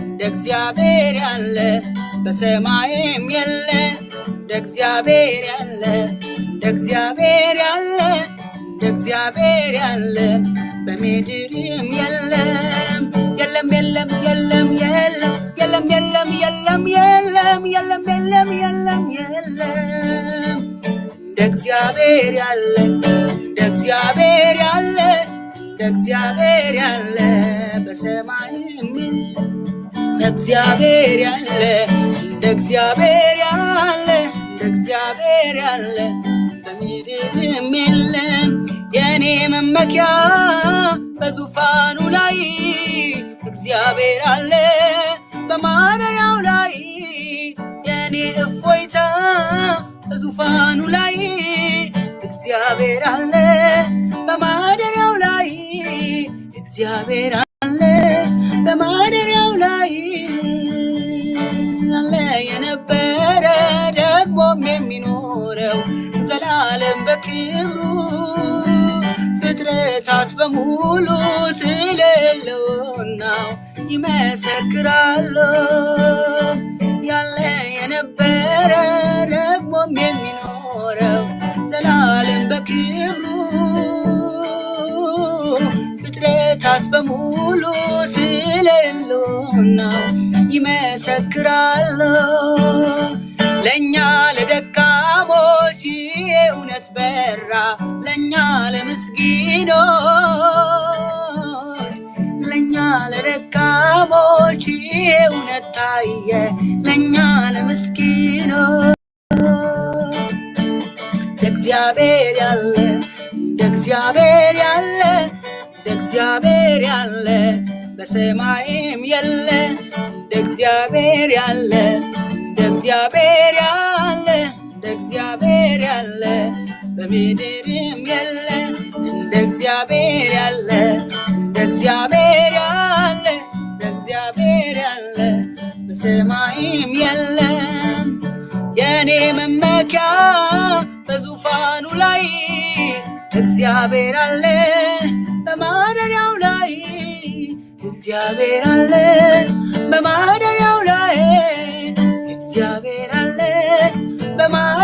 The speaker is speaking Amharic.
እንደ እግዚአብሔር ያለ በሰማይም የለ እንደ እግዚአብሔር ያለ እንደ እግዚአብሔር ያለ እንደ እግዚአብሔር ያለ በምድርም የለም የለም የለም የለም የለም የለም የለም የለም የለም የለም የለም የለም የለም እንደ እግዚአብሔር ያለ እንደ እግዚአብሔር ያለ እንደ እግዚአብሔር ያለ በሰማይም የለ እግዚአብሔር ያለ እንደ እግዚአብሔር ያለ እንደ እግዚአብሔር ያለ በምድርም የለም የእኔ መመኪያ በዙፋኑ ላይ እግዚአብሔር አለ በማደሪያው ላይ የእኔ እፎይታ በዙፋኑ ላይ እግዚአብሔር አለ በማደሪያው ላይ እግዚአብሔር ክብሩ ፍጥረታት በሙሉ ስለ ይመሰክራሉ። ያለ የነበረ ደግሞም የሚኖረው ዘላለም በክብሩ ፍጥረታት በሙሉ ስለ ይመሰክራሉ ለእኛ ለደ በራ ለእኛ ለምስኪኖች ለእኛ ለደካሞች እውነት ታየ ለእኛ ለምስኪኖች እግዚአብሔር ያለ እንደ እግዚአብሔር ያለ እንደ እግዚአብሔር ያለ በሰማይም የለ እንደ እግዚአብሔር ያለ እንደ እግዚአብሔር ያለ እንደ እግዚአብሔር ያለ በምድርም የለ እንደ እግዚአብሔር ያለ እንደ እግዚአብሔር ያለ እንደ እግዚአብሔር ያለ በሰማይም የለም የእኔ መመኪያ በዙፋኑ ላይ እግዚአብሔር አለ በማደሪያው ላይ እግዚአብሔር አለ በማደሪያው ላይ እግዚአብሔር አለ በማ